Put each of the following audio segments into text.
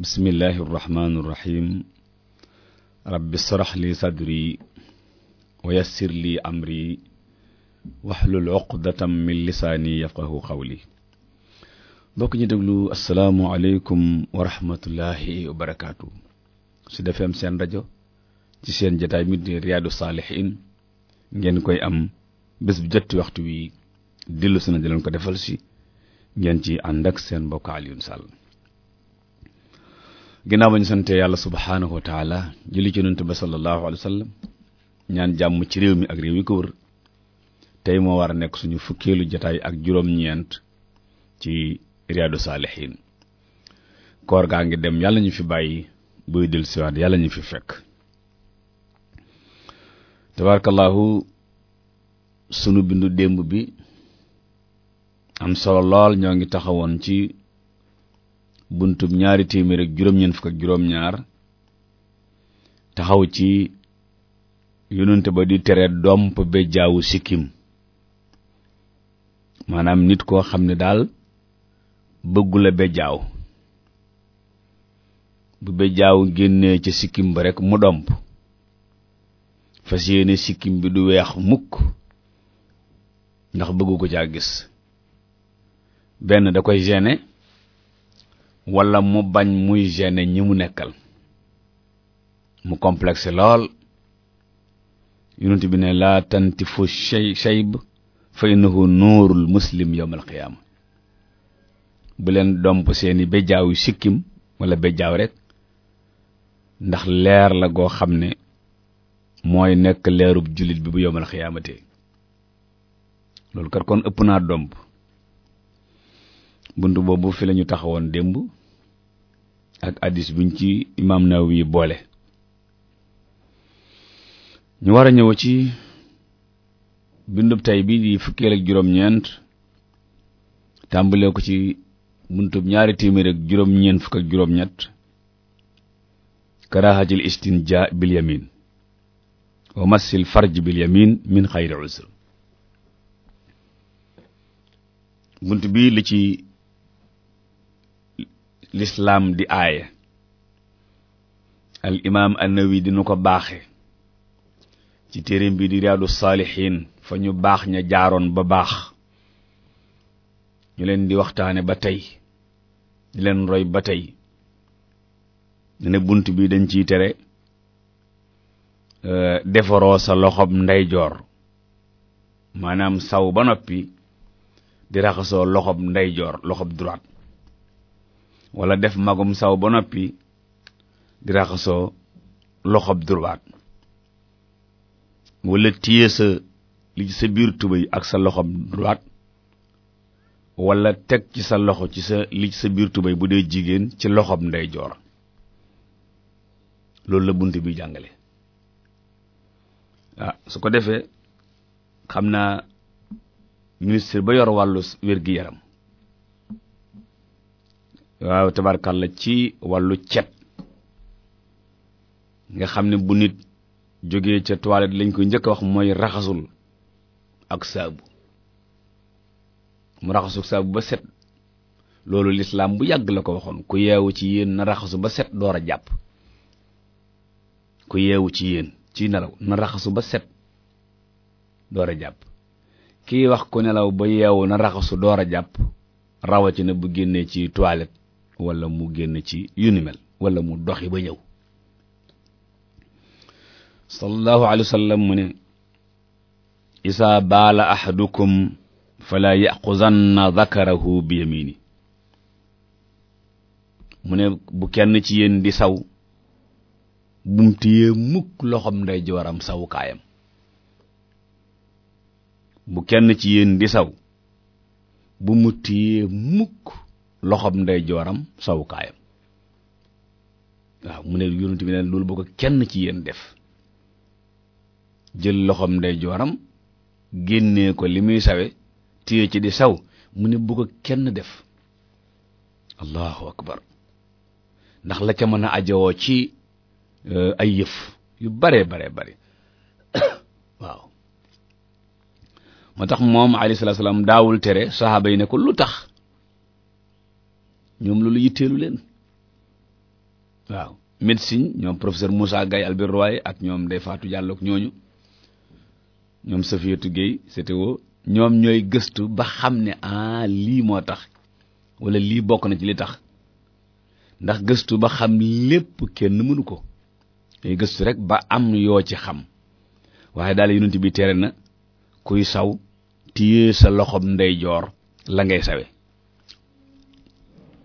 bismillahi irrahmani irrahim rabbi srax li sadri wa yassir li amri waxlul uqdatam min lisaani yafqahu qawli bokk ñu déglu asalaamualeykum wa rahmatullahi wa barakaatu su seen rajo ci seen jataay mi di riyaadu saalihiin ngeen koy am bés bu waxtu wi dillu suna di leen ko defal si ngeen ci ànd seen mbokk Alioune Sall ginnaaw ba ñu sante yàlla subhaanahu wa taala julli ci yonent ba sallallahu alayhi wa ñaan jàmm ci réew mi ak réew yi ko wër tey moo war a nekk suñu fukkeelu jataay ak juróom-ñeent ci riyaadu saalihiin koor gaa ngi dem yàlla ñu fi bàyyi buy del siwaat yàlla ñu fi fekk tabarakallahu sunu bindu démb bi am solo lool ñoo ngi taxawoon ci buntub ñaari téeméer ak juróom-ñeent fukk ak juróom-ñaar taxaw ci yonente ba di tere domp be jaawu sikkim maanaam nit koo xam ne daal bëggu la bejjaaw bu bejjaaw génnee ca sikkim ba rekk mu domp fas yéene sikkim bi du weex mukk ndax bëggu ko caa gis benn da koy gêner wala mu bañ muy gêner ñi mu nekkal mu complexe lool yonent bi ne laa tantifu shay shayb fa innahu nuurul muslim yawmal qiyaama bu leen domp seeni béjjaaw sikkim wala béjjaaw rek ndax leer la goo xam ne mooy nekk leerub jullit bi bu yawmal qiyaamate loolu kat kon ëpp naa domp bunt boobu fi lañu taxawoon démb ak addis buñ ci imaam Nawawi boole ñu war a ñëw ci bindub tey bi di fukkeel ak juróom-ñeent tàmbalee ko ci buntub ñaari téeméer ak juróom-ñeent fukk ak juróom-ñett karahatil istinja bil wa massil farj bil min xayri usr lislaam di aaye al imaam annawi dina ko baaxe ci téereem bi di riyaadu saalixiin fa ñu baax ña jaaroon ba baax ñu leen di waxtaane ba tey di leen roy ba tey ne bunt bi dañ ciy tere euh, defaroo sa loxob ndeyjoor maanaam saw ba noppi di raxasoo loxob ndeyjoor loxob droite wala def magum saw ba noppi di raxasoo loxob droit wala téye sa li ci sa biir tubéy ak sa loxob droit wala teg ci sa loxo ci sa li ci sa biir tubéy bu dee jigéen ci loxob ndeyjoor loolu la bunt bi jàngale ah su ko defee xam naa ministre ba yor wàllu wér-gi-yaram waaw la ci wàllu cet nga xam ne bu nit jógee ca toilet lañ koy njëkk a wax mooy raxasul ak saabu mu raxasu saabu ba set loolu lislaam bu yàgg la ko waxoon ku yeewu ci yéen na raxasu ba set door a jàpp ku yeewu ci yéen ci nelaw na raxasu ba set door a jàpp kii wax ku nelaw ba yeewu na raxasu door a jàpp rawatina bu génnee ci toilette wala mu génn ci yu mel wala mu doxi ba ñëw sallallahu alayhi wa sallam mu ne isaa baala ahadukum fala yaxuzanna dakarahu bi yamini mu ne bu kenn ci yéen di saw bum téyee mukk loxom nday jooram sawukaayam bu kenn ci yéen di saw bu mu téyee mukk loxob ndeyjooram sawukaayam waaw mu ne yonent bi ne loolu boo kenn ci yéen def jël loxob ndeyjooram génnee ko li muy sawe téye ci di saw mu ne bugg ko kenn def allahu akbar ndax la ca mën a ajowoo ci euh, ay yëf yu bare bare bare waaw moo tax moom alayhi salaam daawul tere saxaaba yi ne ko lu tax ñoom loolu yitteelu leen waaw médecine ñoom professeur Moussa Gaye Albert Roy ak ñoom day Fatou Diallo ñooñu ñoom Safiatou Guèye CTO ñoom ñooy gëstu ba xam ne ah lii moo tax wala lii bokk na ci li tax ndax gëstu ba xam lépp kenn mënu ko day gëstu rek ba am yoo ci xam waaye daal yonent bi tere na kuy saw téye sa loxob ndeyjoor la ngay sawe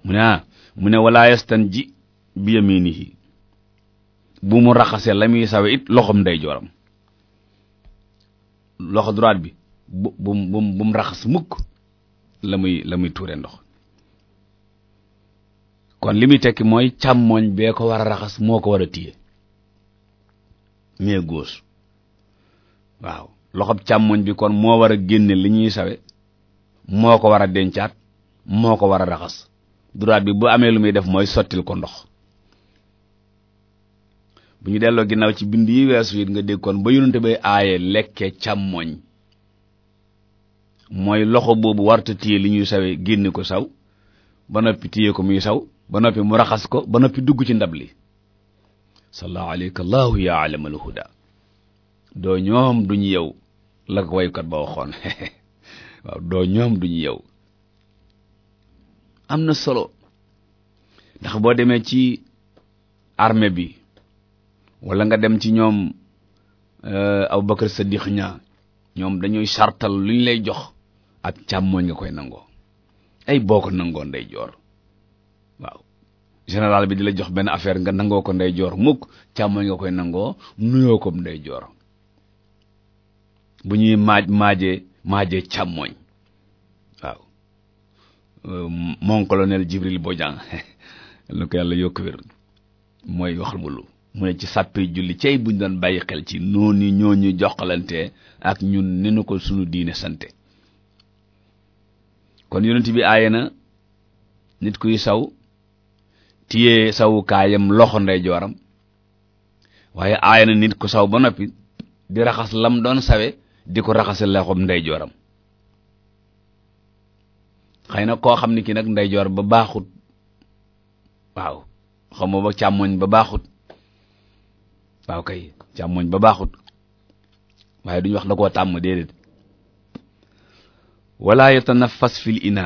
mu ne ah mu ne walaa yastanji bi yaminihi bu mu raxasee la muy sawe it loxom day jooram loxo droite bi bu bu bu mu raxas mukk la muy la muy tuure ndox kon li muy tekki mooy càmmoñ bee ko war a raxas moo ko war a téye mais gauche waaw loxob càmmoñ bi kon moo war a génne li ñuy sawe moo ko war a dencaat moo ko war a raxas droite bi bu amee lu muy def mooy sottil ko ndox bu ñu delloo ginnaaw ci bind yi weesu it nga dégg kon ba yonente bay aaye lekke càmmoñ mooy loxo boobu warta téye li ñuy sawee génne ko saw ba noppi téye ko muy saw ba noppi mu raxas ko ba noppi dugg ci ndab li sallallahu alayka allahu ya alamal doo ñoom duñu yow la ko waykat ba waxoon waaw doo ñoom duñu yow am na solo ndax boo demee ci armée bi wala nga dem ci ñoom euh, Abubakar Saddiq ñaa ñoom dañuy sartal lu ñu lay jox ak càmmooñ nga koy nangoo ay boo ko nangoo ndey waaw général bi di la jox benn affaire nga nangoo ko ndey joor mukk càmmooñ nga koy nangoo nuyoo ko ndey joor bu ñuy maaj maaje maaje càmmooñ Euh, mon colonel Jibril Bodian lu ko yàlla yokk wér mooy wax mu mu ne ci sàppi julli cey buñ doon bàyyi xel ci noonu ñoo ñu joxalante ak ñun ni nu ko sunu diine sante kon yonent bi aaye na nit kuy saw tiyee sawukaayam loxo ndey waaye aaye na nit ku saw ba noppi di raxas lam doon sawe di ko raxase loxom ndey xëy na koo xam ne ki nag ndeyjoor ba baaxut waaw xam ba càmmoñ ba baaxut waaw kay càmmoñ ba baaxut waaye duñu wax da koo tàmm déedéet wala yatanafas fil ina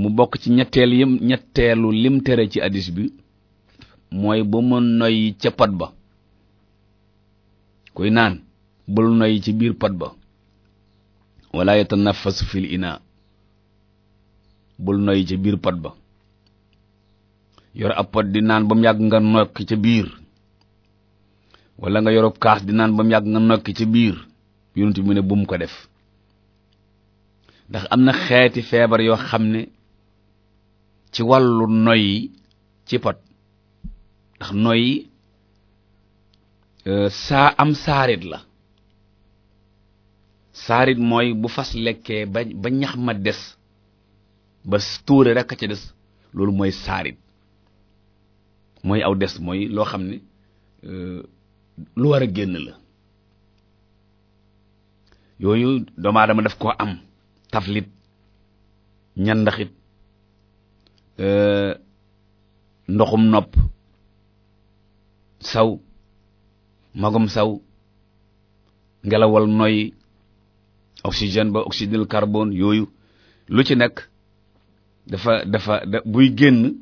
mu bokk ci ñetteel yim ñetteelu lim tere ci addis bi mooy bu mu noyyi ca pot ba kuy naan bul noyyi ci biir pot ba wala yatanafas fil ina bul noyyi ca biir pot ba yor ab pot di naan ba mu yàgg nga nokki ca biir wala nga yorub kaas di naan ba mu yàgg nga nokki ca biir yonent mu ne bum ko def ndax am na xeeti feebar yoo xam ne ci wàllu yi ci pot ndax noyyi euh, saa am saarit la saarit mooy bu fas lekkee ba ba ñax ma des ba tóore rek a ca des loolu mooy saarit mooy aw des mooy loo xam ne euh, lu war a génn la yooyu doomu def daf koo am taflit ñandaxit euh, ndoxum nopp saw magum saw ngelawal noy oxygène ba oxyde carbone yooyu lu ci nekk dafa dafa buy génn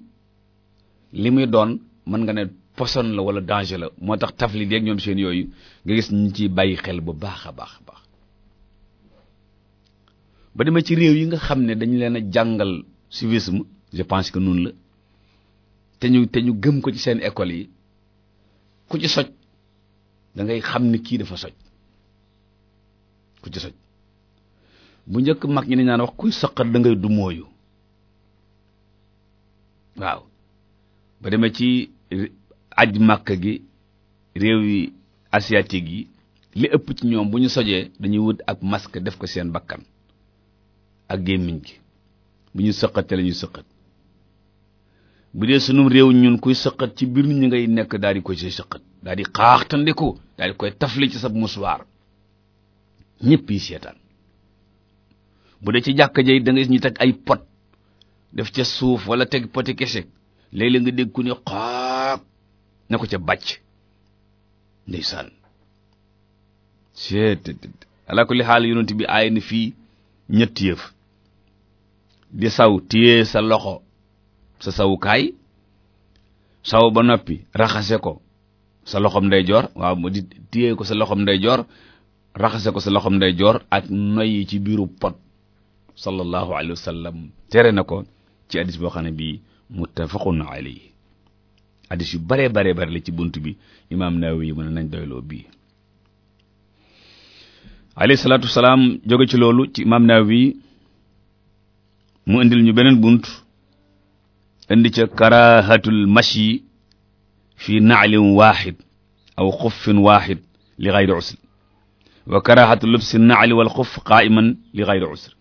li muy doon mën nga ne poison la wala danger la moo tax tafli deeg ñoom seen yooyu nga gis ñu ci bàyyi xel bu baax a baax a baax ba demee ci réew yi nga xam ne dañu leen a jàngal civisme je pense que noonu la te ñu te ñu gëm ko ci seen école yi ku ci soj dangay xam ni kii dafa soj ku ci soj bu njëkk mag ñi ne ñaan wax kuy saqat da ngay du mooyu waaw ba demee ci aj màkk gi réew yi asiatique yi li ëpp ci ñoom bu ñu sojee dañuy wut ak masque def ko seen bakkan ak gémmiñ gi bu ñu sëqat te la ñuy sëqat bu dee sunu réew ñun kuy sëqat ci biir ñu ngay nekk daal di koy see sëqat daal di xaaxtandiku daal di koy tafli ci sa musuwaar ñëpp yi seetaan bu dee ci jàkka jey da ngay ñu teg ay pot def ca suuf wala teg poti kese léeg-léeg nga dégg ku ni xaak na ko ca bàcc ndeysaan seet alaa kulli xaal yonent bi aay na fii ñett yëf di saw téye sa loxo sa sawukaay saw ba noppi raxase ko sa loxom ndeyjoor waaw mu di téye ko sa loxom ndeyjoor raxase ko sa loxom ndeyjoor ak noyyi ci biiru pot sallallahu alayhi wa sallam tere na ko ci addis boo xam ne bii muttafaqun alayhi addis yu bare bare bare la ci bunt bi imaam Nawawi mu ne nañ doyloo bii alayhi salaatu salaam jóge ci loolu ci imaam Nawawi mu indil ñu beneen bunt indi ca karahatul mashi fi na'lin waaxid aw xuffin waaxid li ghayri usr wa karahatul lubsi na'li wal xuff qaa'iman li ghayri usr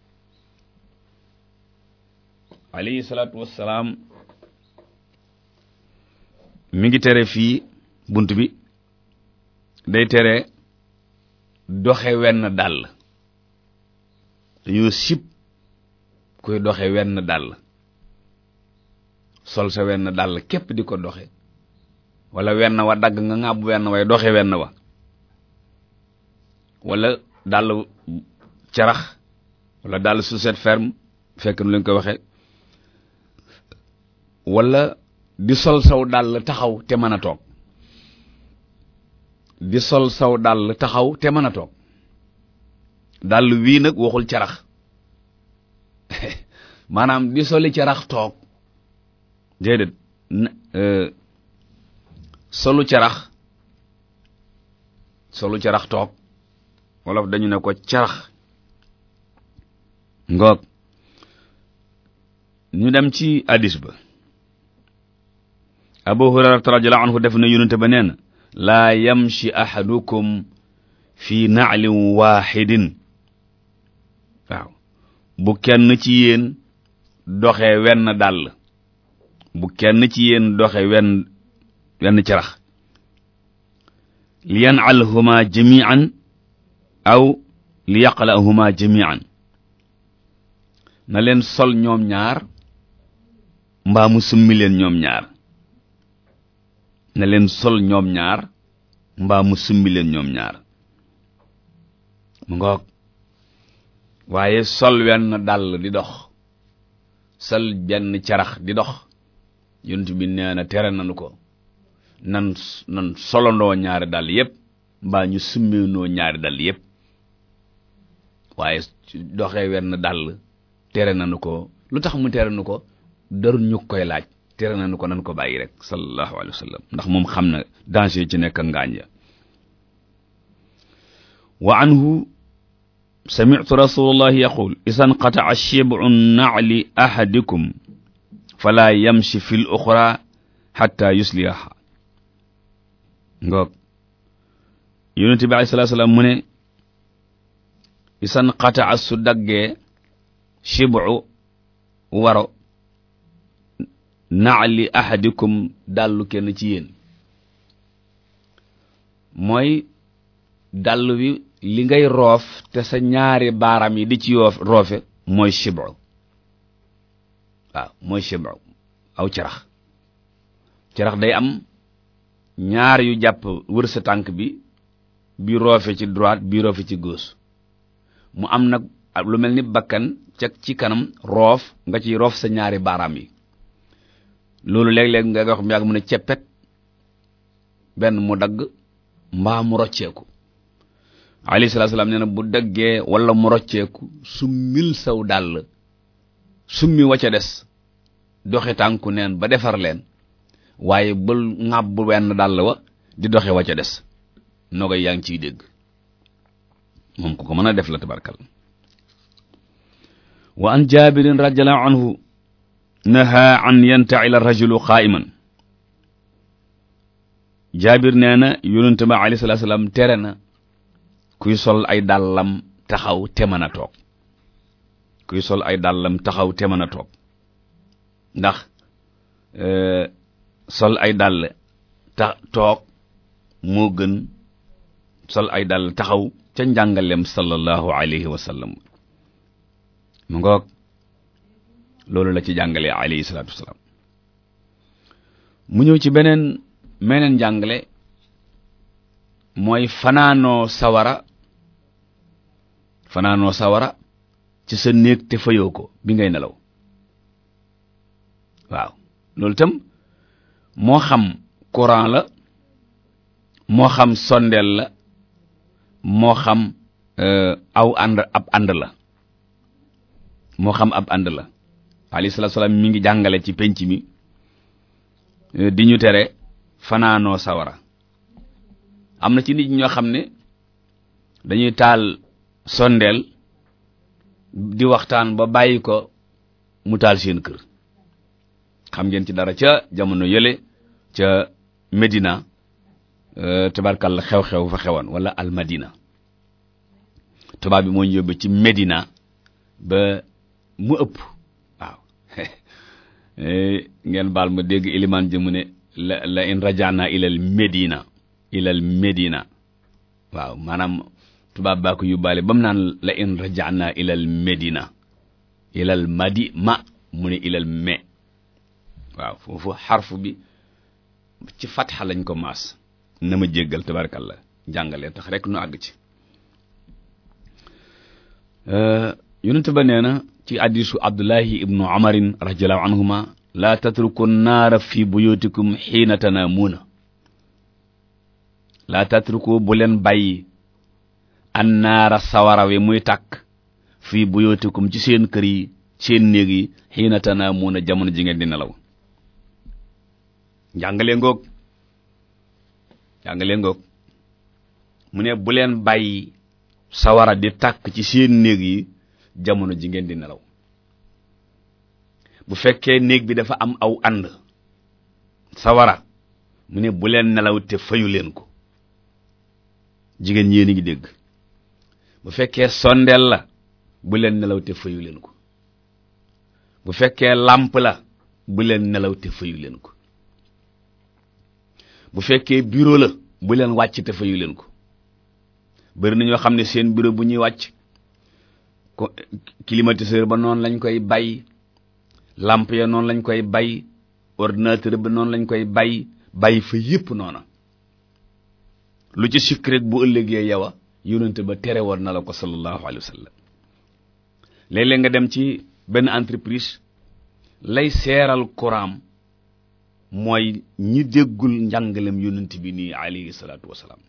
alayhi salaatu wassalaam mi ngi tere fii bunt bi day tere doxe wenn dàll dañoo sib kuy doxe wenn dàll sol sa wenn dàll képp di ko doxe wala wenn wa dagg nga ŋàbb wenn way doxe wenn wa wala dàll carax walla dàll suset ferme fekk nu lañ ko waxe wala di sol saw dàll taxaw te mën a toog di sol saw dàll taxaw te mën a toog dàll wii nag waxul carax maanaam di soli carax toog déedéet euh, solu carax solu carax toog wolof dañu ne ko carax ngoog ñu dem ci addis ba abu hurayrata radiyallahu anhu def na yonente beneen laa yamshi ahadukum fi na'lin waahidin waaw bu kenn ci yéen doxe wenn dàll bu kenn ci yéen doxe wenn wenn carax liyan'alhuma jami'an aw liyaqla'huma jami'an na leen sol ñoom ñaar mbaa mu summi leen ñoom ñaar na leen sol ñoom ñaar mbaa mu summi leen ñoom ñaar mu ngoog waaye sol wenn dàll di dox sol benn carax di dox yonent bi nee na tere nanu ko nan nan solandoo ñaari dàll yépp mbaa ñu summeendoo ñaari dàll yépp waaye doxee wenn dàll tere nanu ko lu tax mu tere nu ko daru ñu koy laaj tere nañu ko nan ko bàyyi rek sallallahu alayhi wa sallam ndax moom xam na danger yi ci nekk ngaañ ya wa anhu sami'tu rasulullahi yaqul isan qata'a shib'u na'li ahadikum fala yamshi fil ukhra hatta yusliha ngoog yonent bi alayhi salatu wasallam mu ne isan qata'a su daggee shib'u waro naali ahadikum dàllu kenn ci yéen mooy dàll wi li ngay roof te sa ñaari baaram yi di ci yoo roofe mooy shib'u waaw mooy shib'u aw carax carax day am ñaar yu jàpp wër sa tànk bi bi roofe ci droite bi roofe ci gauche mu am nag lu mel ni bakkan ca ci kanam roof nga ciy roof sa ñaari baaraam yi loolu léeg-léeg nga wax mu yàgg mu ne ceppet benn mu dagg mbaa mu rocceeku alayhi salaam nee na bu daggee wala mu rocceeku summil saw dàll summi ca des doxi tànku neen ba defar leen waaye bul ŋàbb wenn dàll wa di doxe ca des nogoy yaa ngi ciy dégg moom ku ko mën a def la tabarkal wa an jaabirin radiyallahu anhu naha an yantaxila rajulu xaayiman jaabir nee na yonente ma alayhi tere na kuy sol ay dàllam taxaw te mën a toog kuy sol ay dàllam taxaw te mën a toog ndax e, sol ay dàll ta toog moo gën sol ay dàll taxaw ca njàngalem sallallahu alayhi wa sallam mu ngoog loolu la ci jàngale alayhi salaatu wasalaam mu ñëw ci beneen meneen jàngale mooy fanaanoo sawara fanaanoo sawara ci sa néeg te fayoo ko bi ngay nelaw waaw loolu tam moo xam courant la moo xam sondeel la moo xam euh, aw ànd ab ànd la moo xam ab ànd la alayhi salaatu salaam mi ngi jàngale ci penc mi eh, di tere fanaanoo sawara am na ci nit ñoo xam ne dañuy taal sondeel di waxtaan ba bàyyi ko mu taal seen kër xam ngeen ci dara ca jamono yële ca Medina eh, tabarkalla xew-xew fa xewoon wala al Madina tubaab bi moo ñu yóbbe ci Medina ba mu ëpp Eh, ngeen baal ma dégg ilimaan ji mu ne la la in rajaana ilal medina ilal medina waaw maanaam tubaab baa ko yóbbaale ba mu naan la in rajaana ilal medina ilal madi ma mu ne ilal me waaw foofu xarfu bi ci fatxa lañ ko maas na ma jéggal tabarakallah jàngalee tax rekk nu àgg ci eh, yonent ba nee ci hadisu abdullahi ibnu amarin radiallahu anhuma la tatruku naara fi buyutikum xiina tanaamuuna la tatruku bu leen bàyyi an sawara wi muy tàkk fii buyutikum ci seen kër yi seen néeg yi xiina tanaamuuna jamono ji ngeen di nelaw njàngale ngoog njàngale ngoog mu ne bu leen bàyyi sawara di tàkk ci seen néeg yi jamono ji di nelaw bu fekkee néeg bi dafa am aw ànd sawara mu ne bu leen nelaw te fayu leen ko jigéen ñi ngi dégg bu fekkee sondeel la bu nelaw te fayu leen ko bu fekkee làmp la bu leen nelaw te fayu leen ko bu fekkee bureau la bu leen wàcc te leen ko bari na ñoo xam ne seen bureau bu ñuy wàcc climatiseur ba noonu lañ koy bay làmp ya noonu lañ koy bay ordinateur ba noonu lañ koy bay bay fa yépp noona lu ci sikk rek bu ëllëgee yow a ba tere woon na la ko sallallahu alayhi wa sallam léeg nga dem ci benn entreprise lay seeral courant mooy ñi déggul njàngalem yonent bi nii alayhi salaatu wasalaam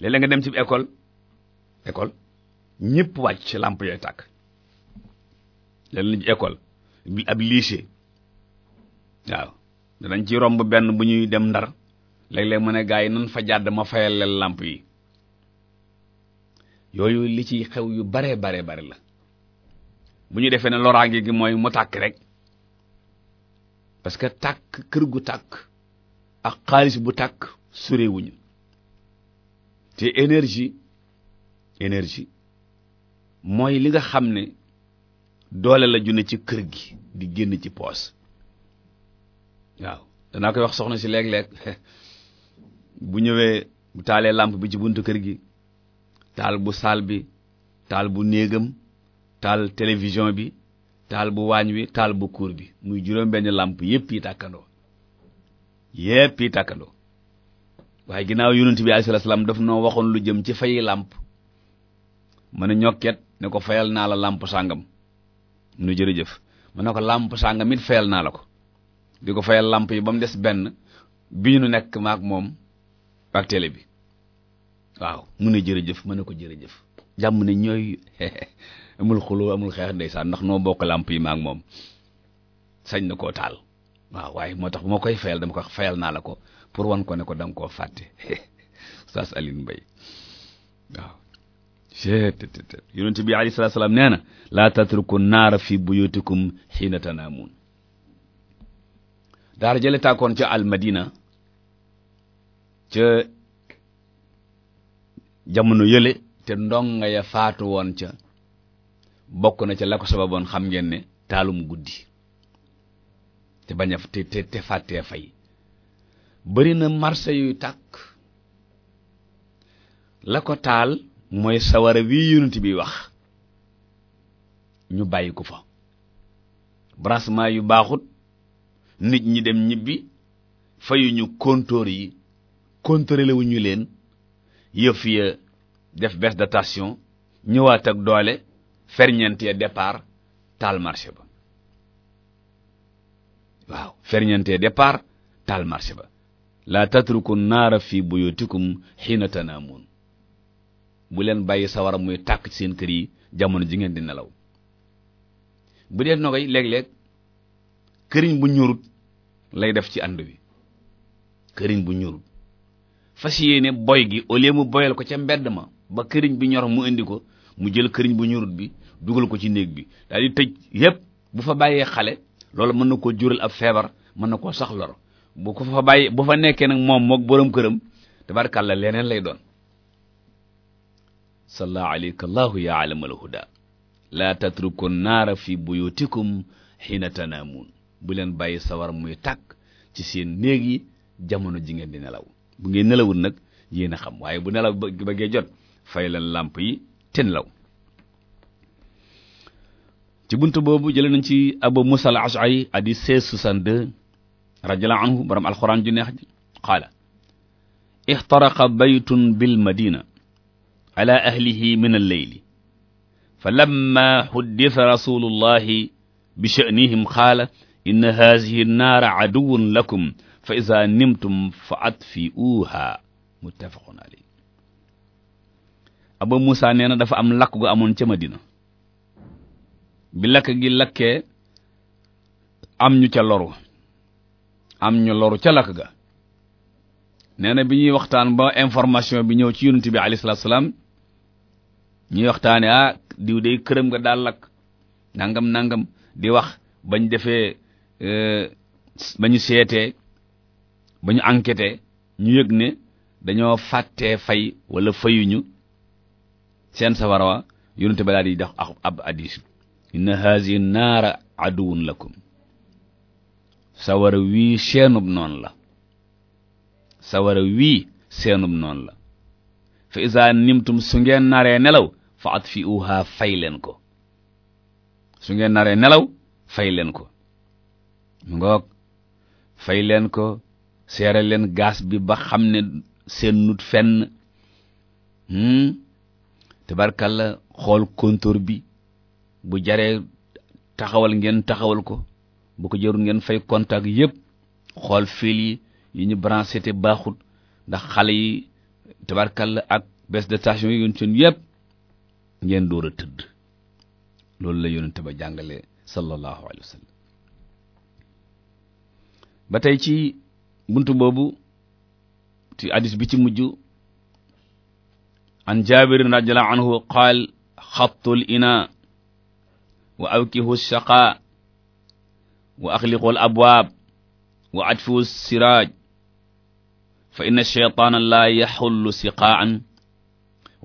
léeg nga dem ci école école ñëpp wàcc làmp yooyu tàkk leen lañu école ab lycée waaw danañ ci romb benn bu ñuy dem ndar léeg-léeg mu ne gaa yi nan fa jàdd ma fayal làmp yi yooyu li ci xew yu bare bare bare la bu ñu defee ne loraange gi mooy mu tàkk rek parce que tàkk kër gu tàkk ak xaalis bu tàkk sorewuñu te énergie énergie mooy li nga xam ne doole la ju ci kër gi di génn ci poos waaw danaa koy wax soxna si léeg-léeg bu ñëwee bu taalee làmp bi ci buntu kër gi taal bu saal bi taal bu néegam taal télévision bi taal bu waañ wi taal bu kuur bi muy juróom benn làmp yépp yi tàkkandoo yépp yi tàkkandoo waaye ginnaaw yonent bi alayhi salaam daf noo waxoon lu jëm ci fayi làmp mën a ñokket ne ko fayal naa la làmp sàngam nu jërëjëf mu ne ko làmp sàngam it fayal naa la ko di ko fayal làmp yi ba mu des benn bi nu nekk maak moom ak télé bi waaw mu ne jërëjëf ma ne ko jërëjëf jàmm ne ñooy amul xuloo amul xeex ndeysaan ndax noo bokk làmp yi maak moom sañ na koo taal waaw waaye moo tax moo koy fayal dama ko fayal naa la ko pour wan ko ne ko danga koo fàtte Oustaz Alioune Mbaye waaw yonent bi alayhi salaatu salaam nee na laa tatruku naara fi buyutikum xiina tanaamuun daara jële tàkkoon ca almadina ca jamono yële te ndonga ya faatu woon ca bokk na ca la ko sababoon xam ngeen ne taalum guddi te bañ a te te te fàttee fay bëri na marché yuy tàkk la ko taal mooy sawara wi yonent bi wax ñu bàyyi ko fa branchement yu baaxut nit ñi dem ñibbi fayuñu kontóor yi contrôlé wuñu leen yëf ya def bes de tension ñëwaat ak doole ferñeent ya taal marché ba waaw ferñeent ya départ taal marché ba la naar naara fi buyutikum xiina tanaamun bu leen bàyyi sawara muy tàkk ci seen kër yi jamono ji ngeen di nelaw bu dee nogay léeg-léeg këriñ bu ñurut lay def ci ànd wi këriñ bu ñurut fas yéene boy gi au lieu mu boyal ko ca mbedd ma ba këriñ bi ñor mu indi ko mu jël këriñ bu ñuurut bi dugal ko ci néeg bi daal di tëj yépp bu fa bàyyee xale loolu mën na koo jural ab feebar mën na koo sax lor bu ko fa bàyyee bu fa nekkee nag moom mook boroom këram tabarkàlla leneen lay doon salla alayka allahu ya alamal huda laa tatruku naara fi buyutikum xiina tanaamuun bu leen bàyyi sawar muy tàkk ci seen néeg yi jamono ji ngeen di nelaw bu ngeen nelawul nag yéen xam waaye bu nelaw ba gee jot fay leen làmp yi te nelaw ci bunt boobu jëlee nañ ci abu musa al ashari hadis 1662 radiyallahu borom alxuraan ju neex ji qaala ixtaraqa baytun bil madina ala ahlihi min alleyli fa lamma xuddita rasulullahi bi sha'nihim xaala inna haadihi nnaara aduwun lakum fa iza nimtum fa atfi'uuha muttafaqun alayh Abu Muusa nee na dafa am lakk gu amoon ca Madina bi lakk gi lakkee am ñu ca loru am ñu loru ca lakk ga nee na bi ñuy waxtaan ba information bi ñëw ci yonent bi alayhi salaatu salaam ñuy waxtaane ah diw day këram nga daal lakk nangam nangam di wax bañ defee euh, bañu seetee bañu ñu ñu yëg ne dañoo fàttee fay walla fayuñu seen safara wa yonente ba daal di dox ab addis inna hazihi naara aduwun lakum sawara wii seenub noonu la sawara wii seenub noon la fa isa nimtum su ngeen naree nelaw fa atfi'uha fay leen ko su ngeen naree nelaw fay leen ko mu ngoog fay leen ko seere leen gaas bi ba xam ne seen nut fenn hmm? tabarkalla xool kontóor bi bu jaree taxawal ngeen taxawal ko bu ko jarul ngeen fay contact yëpp xool fil yi ñu branché te baaxut ndax xale yi la ak baisse de station yi yun seen yëpp ngeen door a tëdd loolu la yonente ba jàngale sallallahu alayhi wa sallam ba tey ci buntu boobu ci hadis bi ci mujj an jabirin radiyallahu anhu qaal xattul ina wa awkihu shaqa wa axliqu al abwaab wa atfu siraaj fa inna shaytaana la yaxullu siqaan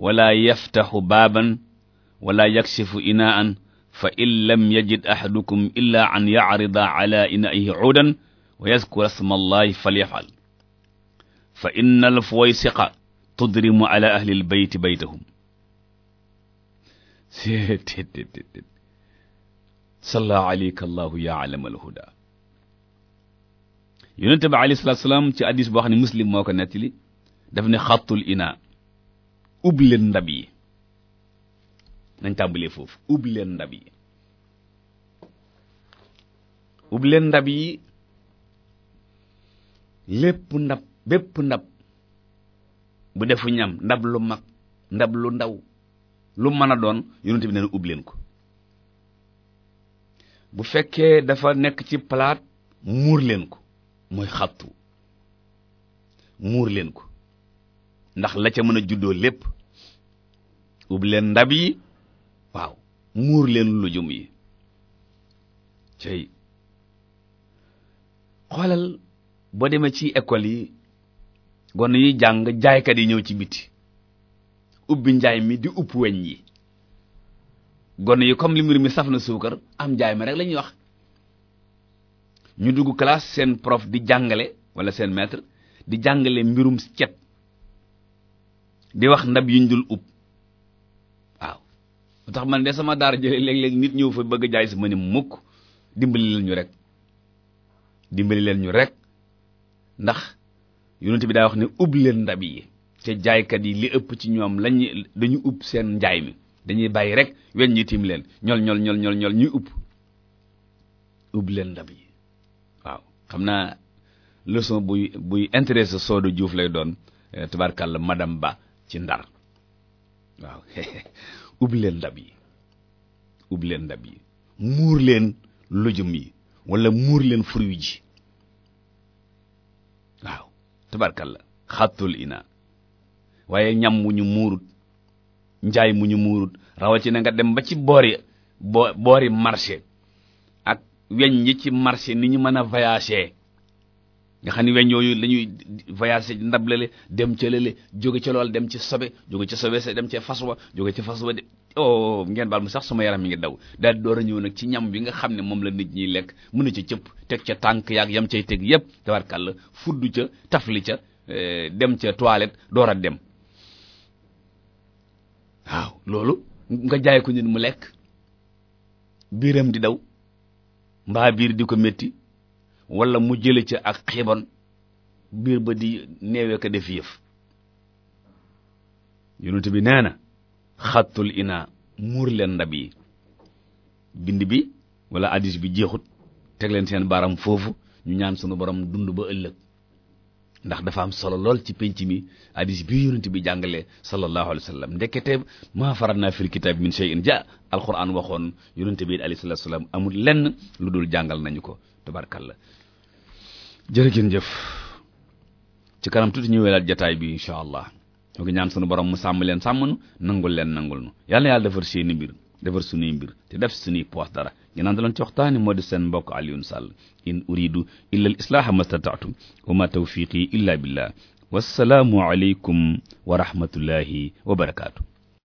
wala yaftaxu baaban wala yaksifu inaan fa in lam yajid ahadukum illa an yacrida ala inaihi cuudan wa yadkura sma allahi falyafal fa inna alfuwaysiqa tudrimu ala ahli albeyti baytahum tt salla alayka allahu ya alama alhuda yonente bi alayhi salaatu salaam ci hadiis boo xam ne muslim moo ko nettali daf ne xattul ina ubleen ndab yi nañ tàmbalee foofu ubbi ndab yi ubbi leen ndab yi lépp ndab bépp ndab bu defu ñam ndab lu mag ndab lu ndaw lu mën a doon yonent bi ne ubbi ko bu fekkee dafa nekk ci palaat muur leen ko mooy xattu muur leen ko ndax la ca mën a juddoo lépp ubbi ndab yi waaw muur leen lujum yi cey xoolal boo demee ci école yi gone yuy jàng jaaykat yi ñëw ci biti ubbi njaay mi di upp weñ yi gone yi comme li mbir mi saf na suukar am njaay ma rek lañuy wax ñu dugg classe seen prof di jàngale wala seen maître di jàngale mbirum cet di wax ndab yuñ dul upp lu tax man de sama daar jële léeg-léeg nit ñëw fa bëgg jaay si ma ne mukk dimbali leen ñu rek dimbali leen ñu rek ndax yonent bi daa wax ne ub leen ndab yi te jaaykat yi li ëpp ci ñoom lañu dañu ubb seen njaay mi dañuy bàyyi rek weñ ñi tiim leen ñool ñol ñol ñol ñol ñuy ub ub leen ndab yi waaw xam naa leson buy buy intéressé soodu Juuf lay doon eh, tubaarkàlla madam Ba ci Ndar waaw ubbi leen ndab yi ubbi leen ndab yi muur leen lujum yi wala muur leen fruit ji waaw tabarkalla xattul ina waaye ñam mu ñu muurut njaay mu ñu muurut rawatina nga dem ba ci boori bo boori marché ak weñ yi ci marché ni ñu mën a voyager nga xam ni weñ yooyu la ñuy ndab ndablale dem ca lële jóge ca lool dem ci sobe jóge ca sobe sa dem ca fas wa jóge ca fas wa de oh ngeen baal sax sama yaram mi ngi daw daal di a ñëw nag ci ñam bi nga xam ne moom la nit ñiy lekk mun na ca cëpp teg ca tànk yaag yam cay teg yépp tabarkàlla fuddu ca tafli ca eh, dem ca toilette door a dem waaw loolu nga jaay ko nit mu lekk biiram di daw mbaa biir di ko métti wala mu jële ca ak xibon biir ba di neewee ko def yëf yonent bi nee na xattul muur leen ndab yi bind bi wala addis bi jeexut teg leen seen baaram foofu ñu ñaan sunu borom dund ba ëllëg ndax dafa am solo lool ci penc mi addis bi yonent bi jàngale sallallahu alayhi wa sallam ndekete maa faratna fil kitaab min shay'in ja alquran waxoon yonent bi alayhi salaatu wa amul lenn lu dul jàngal nañu ko la jërëgéen jëf ci kanam tuuti ñu welaat jataay bi incha allah ñoo ngi ñaan sunu borom mu sàmm leen sàmm nu nangul leen nangul nu yàlla yàlla defar seeni mbir defar sunuy mbir te def sunuy poos dara ngeen àndaloon ci waxtaani moo di seen mbokk Alioune Sall in uridu illa al islaaha mastata'tu wa ma tawfiqi illa billah wassalaamu aleykum wa rahmatullahi wa barakaatu